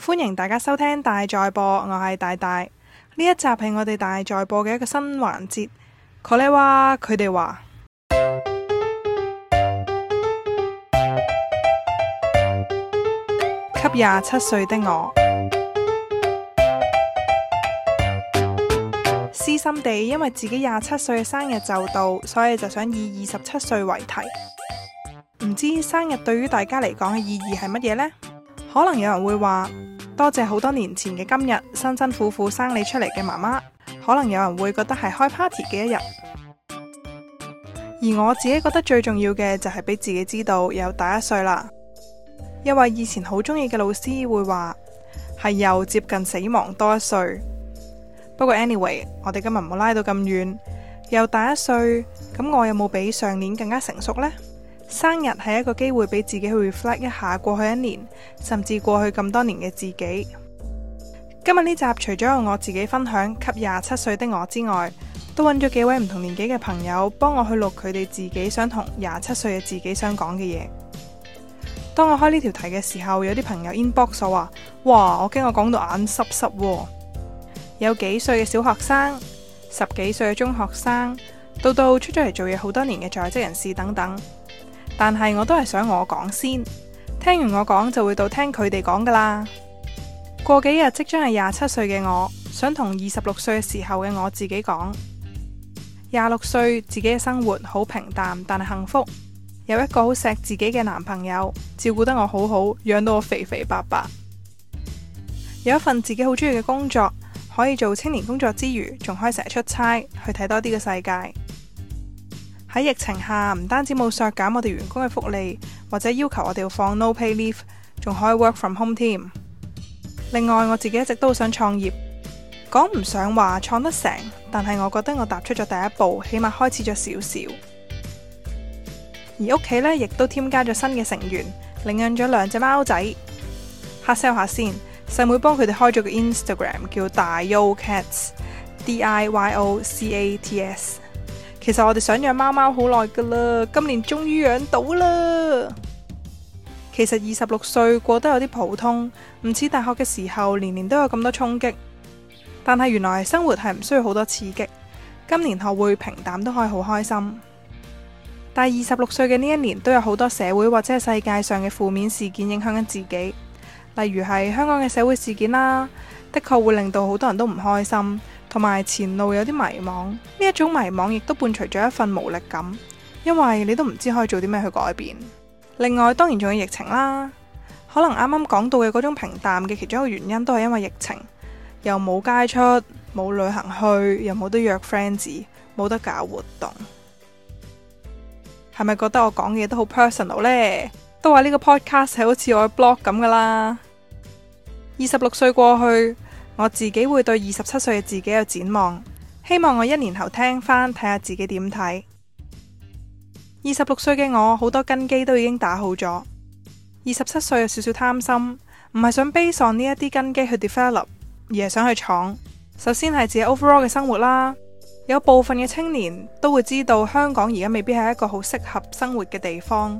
歡迎大家收聽大在播，我係大大，呢一集係我哋大在播嘅一個新環節。佢哋話，佢哋話，給廿七歲的我，私心地因為自己廿七歲生日就到，所以就想以二十七歲為題。唔知生日對於大家嚟講嘅意義係乜嘢呢？可能有人會話。多謝好多年前嘅今日，辛辛苦苦生你出嚟嘅媽媽。可能有人會覺得係開 party 嘅一日，而我自己覺得最重要嘅就係俾自己知道又大一歲啦。因為以前好中意嘅老師會話係又接近死亡多一歲。不過 anyway，我哋今日冇拉到咁遠，又大一歲，咁我有冇比上年更加成熟呢？」生日係一個機會，俾自己去 reflect 一下過去一年，甚至過去咁多年嘅自己。今日呢集除咗我自己分享，給廿七歲的我之外，都揾咗幾位唔同年紀嘅朋友，幫我去錄佢哋自己想同廿七歲嘅自己想講嘅嘢。當我開呢條題嘅時候，有啲朋友 inbox 我話，哇！我驚我講到眼濕濕。有幾歲嘅小學生，十幾歲嘅中學生，到到出咗嚟做嘢好多年嘅在職人士等等。但係我都係想我講先，聽完我講就會到聽佢哋講㗎喇。過幾日即將係廿七歲嘅我，想同二十六歲嘅時候嘅我自己講，廿六歲自己嘅生活好平淡，但係幸福，有一個好錫自己嘅男朋友，照顧得我好好，養到我肥肥白白，有一份自己好中意嘅工作，可以做青年工作之餘，仲可以成日出差去睇多啲嘅世界。喺疫情下，唔單止冇削減我哋員工嘅福利，或者要求我哋要放 no pay leave，仲可以 work from home 添。另外，我自己一直都好想創業，講唔上話創得成，但係我覺得我踏出咗第一步，起碼開始咗少少。而屋企呢亦都添加咗新嘅成員，領養咗兩隻貓仔。吓 sell 下先，細妹幫佢哋開咗個 Instagram，叫大腰 cats，D I Y O C A T S。其實我哋想養貓貓好耐噶啦，今年終於養到啦。其實二十六歲過得有啲普通，唔似大學嘅時候年年都有咁多衝擊。但係原來生活係唔需要好多刺激，今年學會平淡都可以好開心。但二十六歲嘅呢一年都有好多社會或者係世界上嘅負面事件影響緊自己，例如係香港嘅社會事件啦，的確會令到好多人都唔開心。同埋前路有啲迷茫，呢一種迷茫亦都伴隨咗一份無力感，因為你都唔知可以做啲咩去改變。另外，當然仲有疫情啦，可能啱啱講到嘅嗰種平淡嘅其中一個原因都係因為疫情，又冇街出，冇旅行去，又冇得約 friends，冇得搞活動。係咪覺得我講嘅嘢都好 personal 呢？都話呢個 podcast 係好似我嘅 blog 咁噶啦，二十六歲過去。我自己會對二十七歲嘅自己有展望，希望我一年後聽返睇下自己點睇。二十六歲嘅我好多根基都已經打好咗，二十七歲有少少貪心，唔係想 base on 呢一啲根基去 develop，而係想去闖。首先係自己 overall 嘅生活啦，有部分嘅青年都會知道香港而家未必係一個好適合生活嘅地方，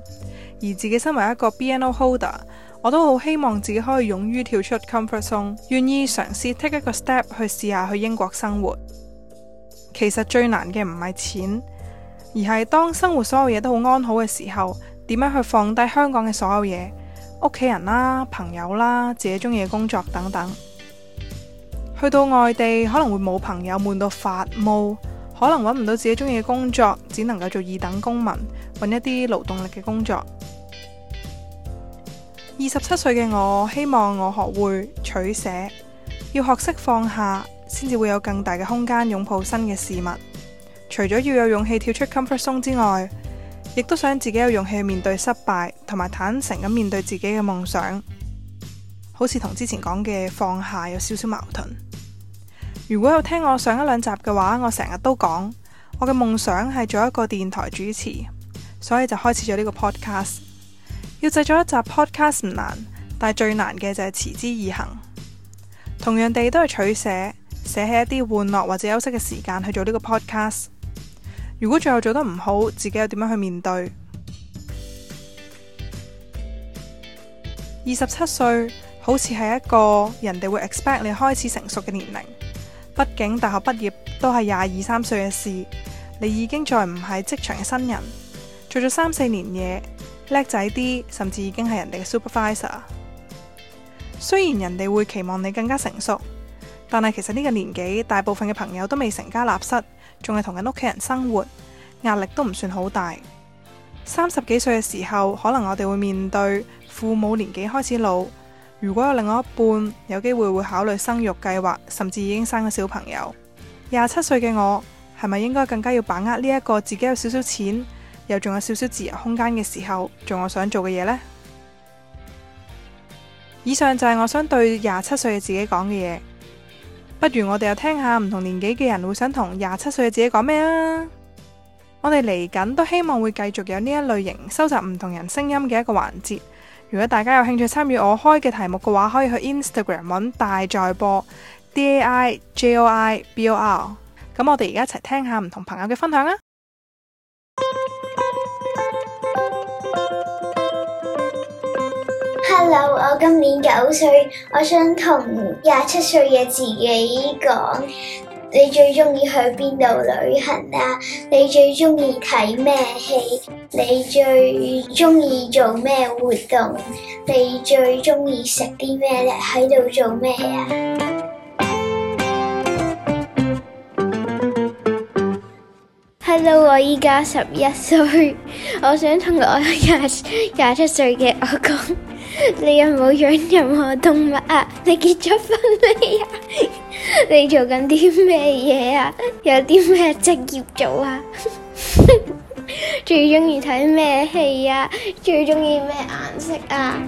而自己身為一個 BNO holder。我都好希望自己可以勇於跳出 comfort zone，願意嘗試 take 一個 step 去試下去英國生活。其實最難嘅唔係錢，而係當生活所有嘢都好安好嘅時候，點樣去放低香港嘅所有嘢，屋企人啦、朋友啦、自己中意嘅工作等等。去到外地可能會冇朋友悶到發毛，可能搵唔到自己中意嘅工作，只能夠做二等公民，搵一啲勞動力嘅工作。二十七歲嘅我，希望我學會取捨，要學識放下，先至會有更大嘅空間擁抱新嘅事物。除咗要有勇氣跳出 comfort zone 之外，亦都想自己有勇氣面對失敗，同埋坦誠咁面對自己嘅夢想。好似同之前講嘅放下有少少矛盾。如果有聽我上一兩集嘅話，我成日都講我嘅夢想係做一個電台主持，所以就開始咗呢個 podcast。要製作一集 podcast 唔難，但係最難嘅就係持之以恆。同樣地，都係取捨，捨棄一啲玩樂或者休息嘅時間去做呢個 podcast。如果最後做得唔好，自己又點樣去面對？二十七歲好似係一個人哋會 expect 你開始成熟嘅年齡。畢竟大學畢業都係廿二三歲嘅事，你已經再唔係職場嘅新人，做咗三四年嘢。叻仔啲，甚至已經係人哋嘅 supervisor。雖然人哋會期望你更加成熟，但係其實呢個年紀，大部分嘅朋友都未成家立室，仲係同緊屋企人生活，壓力都唔算好大。三十幾歲嘅時候，可能我哋會面對父母年紀開始老，如果有另外一半，有機會會考慮生育計劃，甚至已經生咗小朋友。廿七歲嘅我，係咪應該更加要把握呢一個自己有少少錢，又仲有少少自由空間嘅時候，做我想做嘅嘢呢？以上就係我想對廿七歲嘅自己講嘅嘢。不如我哋又聽下唔同年紀嘅人會想同廿七歲嘅自己講咩啊？我哋嚟緊都希望會繼續有呢一類型收集唔同人聲音嘅一個環節。如果大家有興趣參與我開嘅題目嘅話，可以去 Instagram 揾大在播 D A I J O I B O R。咁我哋而家一齊聽下唔同朋友嘅分享啊！Hello，我今年九歲，我想同廿七歲嘅自己講：你最中意去邊度旅行啊？你最中意睇咩戲？你最中意做咩活動？你最中意食啲咩咧？喺度做咩啊？Hello，我依家十一歲，我想同我廿廿七歲嘅我講。你有冇養任何動物啊？你結咗婚未啊？ 你做緊啲咩嘢啊？有啲咩職業做啊？ 最中意睇咩戲啊？最中意咩顏色啊？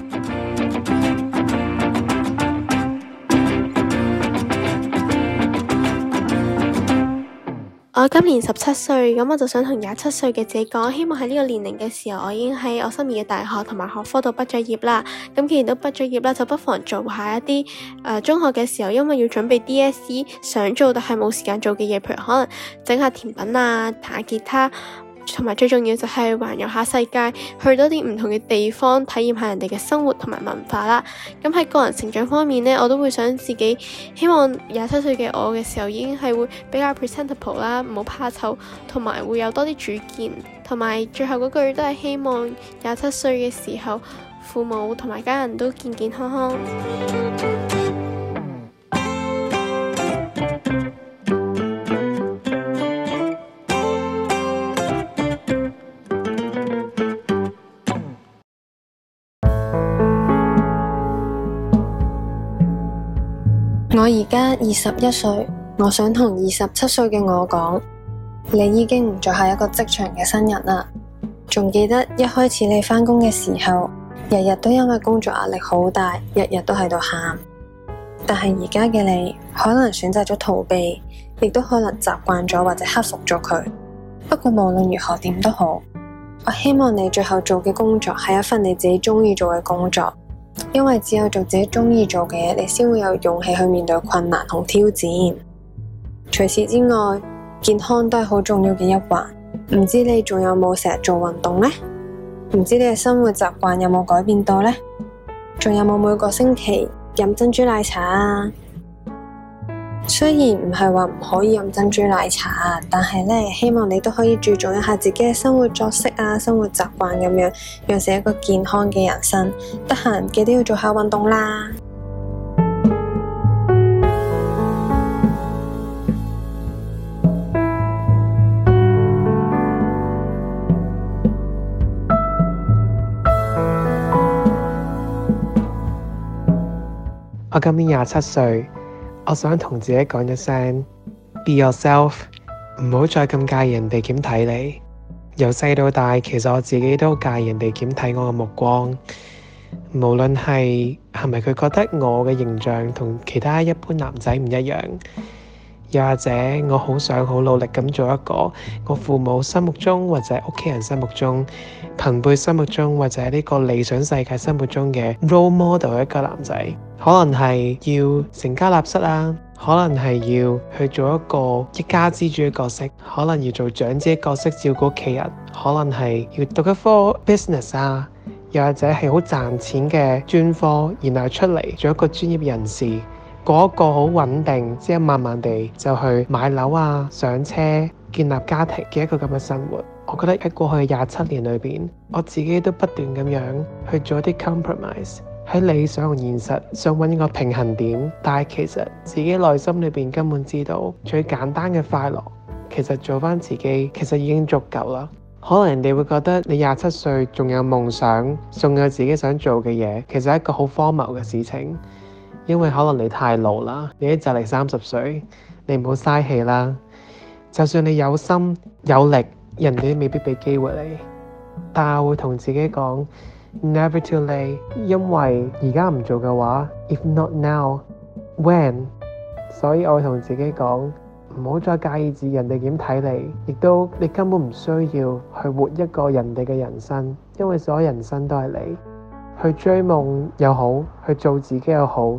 我、哦、今年十七歲，咁、嗯、我就想同廿七歲嘅自己講，希望喺呢個年齡嘅時候，我已經喺我心儀嘅大學同埋學科度畢咗業啦。咁、嗯、既然都畢咗業啦，就不妨做下一啲誒、呃、中學嘅時候，因為要準備 DSE 想做但係冇時間做嘅嘢，譬如可能整下甜品啊，彈下吉他。同埋最重要就係環遊下世界，去多啲唔同嘅地方，體驗下人哋嘅生活同埋文化啦。咁、嗯、喺個人成長方面呢，我都會想自己希望廿七歲嘅我嘅時候已經係會比較 presentable 啦，唔好怕醜，同埋會有多啲主見。同埋最後嗰句都係希望廿七歲嘅時候，父母同埋家人都健健康康。而家二十一歲，我想同二十七歲嘅我講：你已經唔再係一個職場嘅新人啦。仲記得一開始你返工嘅時候，日日都因為工作壓力好大，日日都喺度喊。但係而家嘅你，可能選擇咗逃避，亦都可能習慣咗或者克服咗佢。不過無論如何點都好，我希望你最後做嘅工作係一份你自己中意做嘅工作。因為只有做自己中意做嘅嘢，你先會有勇氣去面對困難同挑戰。除此之外，健康都係好重要嘅一環。唔知你仲有冇成日做運動呢？唔知你嘅生活習慣有冇改變到呢？仲有冇每個星期飲珍珠奶茶啊？雖然唔係話唔可以飲珍珠奶茶，但係呢，希望你都可以注重一下自己嘅生活作息啊、生活習慣咁樣，養成一個健康嘅人生。得閒記得要做下運動啦！我今年廿七歲。我想同自己講一聲，be yourself，唔好再咁介意人哋點睇你。由細到大，其實我自己都介意人哋點睇我嘅目光，無論係係咪佢覺得我嘅形象同其他一般男仔唔一樣。又或者我好想好努力咁做一個我父母心目中或者屋企人心目中，朋輩心目中或者呢個理想世界心目中嘅 role model 嘅一個男仔，可能係要成家立室啊，可能係要去做一個一家之主嘅角色，可能要做長者角色照顧屋企人，可能係要讀一科 business 啊，又或者係好賺錢嘅專科，然後出嚟做一個專業人士。嗰個好穩定，之後慢慢地就去買樓啊、上車、建立家庭嘅一個咁嘅生活。我覺得喺過去嘅廿七年裏邊，我自己都不斷咁樣去做一啲 compromise，喺理想同現實想揾一個平衡點。但係其實自己內心裏邊根本知道，最簡單嘅快樂其實做翻自己，其實已經足夠啦。可能人哋會覺得你廿七歲仲有夢想，仲有自己想做嘅嘢，其實係一個好荒謬嘅事情。因為可能你太老啦，你一就嚟三十歲，你唔好嘥氣啦。就算你有心有力，人哋未必俾機會你。但係我會同自己講 never too late，因為而家唔做嘅話，if not now when。所以我會同自己講，唔好再介意住人哋點睇你，亦都你根本唔需要去活一個人哋嘅人生，因為所有人生都係你去追夢又好，去做自己又好。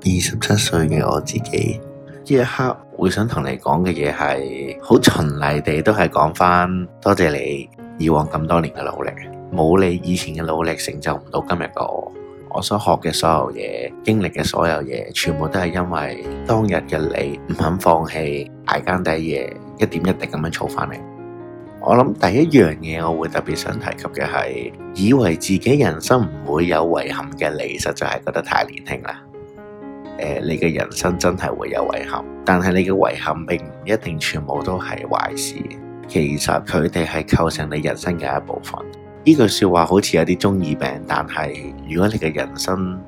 二十七歲嘅我自己，呢一刻會想同你講嘅嘢係，好循例地都係講翻多謝你以往咁多年嘅努力。冇你以前嘅努力，成就唔到今日嘅我。我所學嘅所有嘢，經歷嘅所有嘢，全部都係因為當日嘅你唔肯放棄，挨更抵夜，一點一滴咁樣儲翻嚟。我諗第一樣嘢我會特別想提及嘅係，以為自己人生唔會有遺憾嘅你，實在係覺得太年輕啦。誒、呃，你嘅人生真係會有遺憾，但係你嘅遺憾並唔一定全部都係壞事。其實佢哋係構成你人生嘅一部分。呢句說話好似有啲中二病，但係如果你嘅人生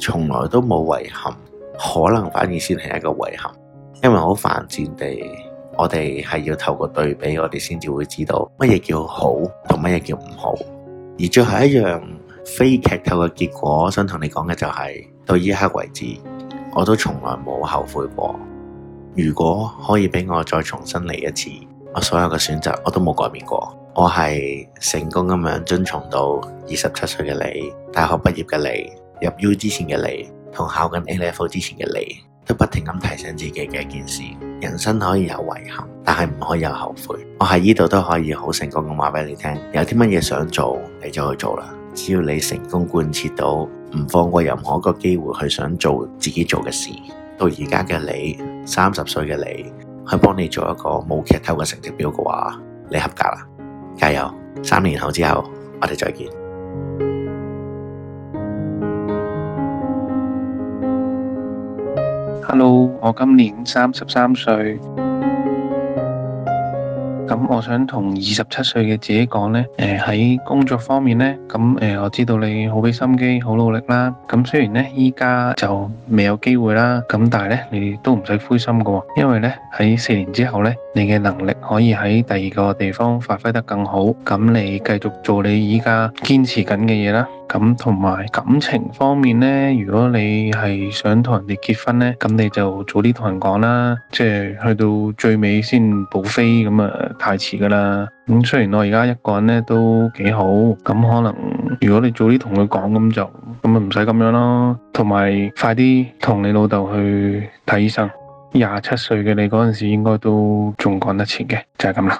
從來都冇遺憾，可能反而先係一個遺憾。因為好犯賤地，我哋係要透過對比，我哋先至會知道乜嘢叫好同乜嘢叫唔好。而最後一樣非劇透嘅結果，我想同你講嘅就係、是、到依刻為止。我都從來冇後悔過。如果可以俾我再重新嚟一次，我所有嘅選擇我都冇改變過。我係成功咁樣遵從到二十七歲嘅你，大學畢業嘅你，入 U 之前嘅你，同考緊 A Level 之前嘅你，都不停咁提醒自己嘅一件事：人生可以有遺憾，但係唔可以有後悔。我喺呢度都可以好成功咁話俾你聽：有啲乜嘢想做，你就去做啦。只要你成功貫徹到，唔放過任何一個機會去想做自己做嘅事，到而家嘅你，三十歲嘅你，去幫你做一個冇劇透嘅成績表嘅話，你合格啦，加油！三年後之後，我哋再見。Hello，我今年三十三歲。咁我想同二十七歲嘅自己講呢，喺、呃、工作方面呢，咁、呃、我知道你好俾心機，好努力啦。咁雖然呢，依家就未有機會啦，咁但係呢你都唔使灰心㗎喎，因為呢，喺四年之後呢，你嘅能力可以喺第二個地方發揮得更好。咁你繼續做你依家堅持緊嘅嘢啦。咁同埋感情方面咧，如果你係想同人哋結婚咧，咁你就早啲同人講啦，即係去到最尾先補飛咁啊，咁就太遲㗎啦。咁雖然我而家一個人咧都幾好，咁可能如果你早啲同佢講咁就，咁啊唔使咁樣咯。同埋快啲同你老豆去睇醫生。廿七歲嘅你嗰陣時應該都仲趕得切嘅，就係咁啦。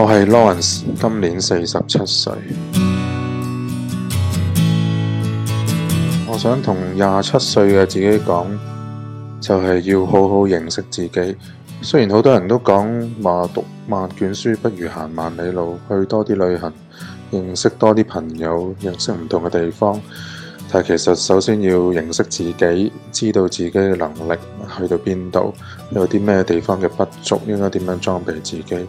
我係 Lawrence，今年四十七歲。 我想同廿七歲嘅自己講，就係要好好認識自己。雖然好多人都講話讀萬卷書不如行萬里路，去多啲旅行，認識多啲朋友，認識唔同嘅地方。但其實首先要認識自己，知道自己嘅能力去到邊度，有啲咩地方嘅不足，應該點樣裝備自己，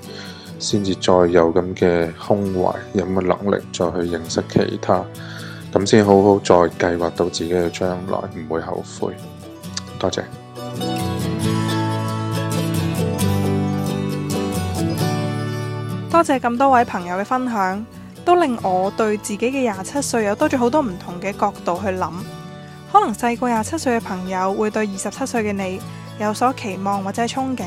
先至再有咁嘅胸懷，有咁嘅能力，再去認識其他，咁先好好再計劃到自己嘅將來，唔會後悔。多謝，多謝咁多位朋友嘅分享，都令我對自己嘅廿七歲有多咗好多唔同嘅角度去諗。可能細個廿七歲嘅朋友會對二十七歲嘅你有所期望或者憧憬。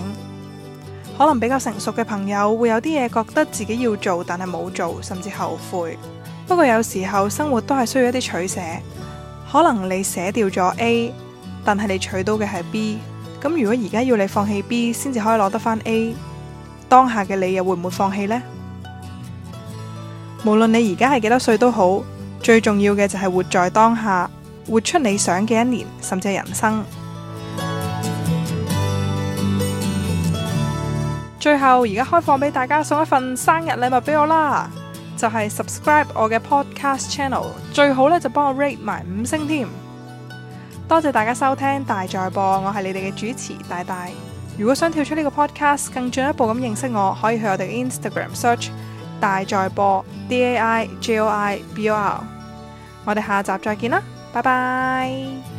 可能比較成熟嘅朋友會有啲嘢覺得自己要做，但係冇做，甚至後悔。不過有時候生活都係需要一啲取捨。可能你捨掉咗 A，但係你取到嘅係 B。咁如果而家要你放棄 B，先至可以攞得返 A，當下嘅你又會唔會放棄呢？無論你而家係幾多歲都好，最重要嘅就係活在當下，活出你想嘅一年，甚至係人生。最後而家開放俾大家送一份生日禮物俾我啦，就係、是、subscribe 我嘅 podcast channel，最好咧就幫我 rate 埋五星添。多謝大家收聽大在播，我係你哋嘅主持大大。如果想跳出呢個 podcast，更進一步咁認識我，可以去我哋 Instagram search 大在播 D A I J O I B O R。我哋下集再見啦，拜拜。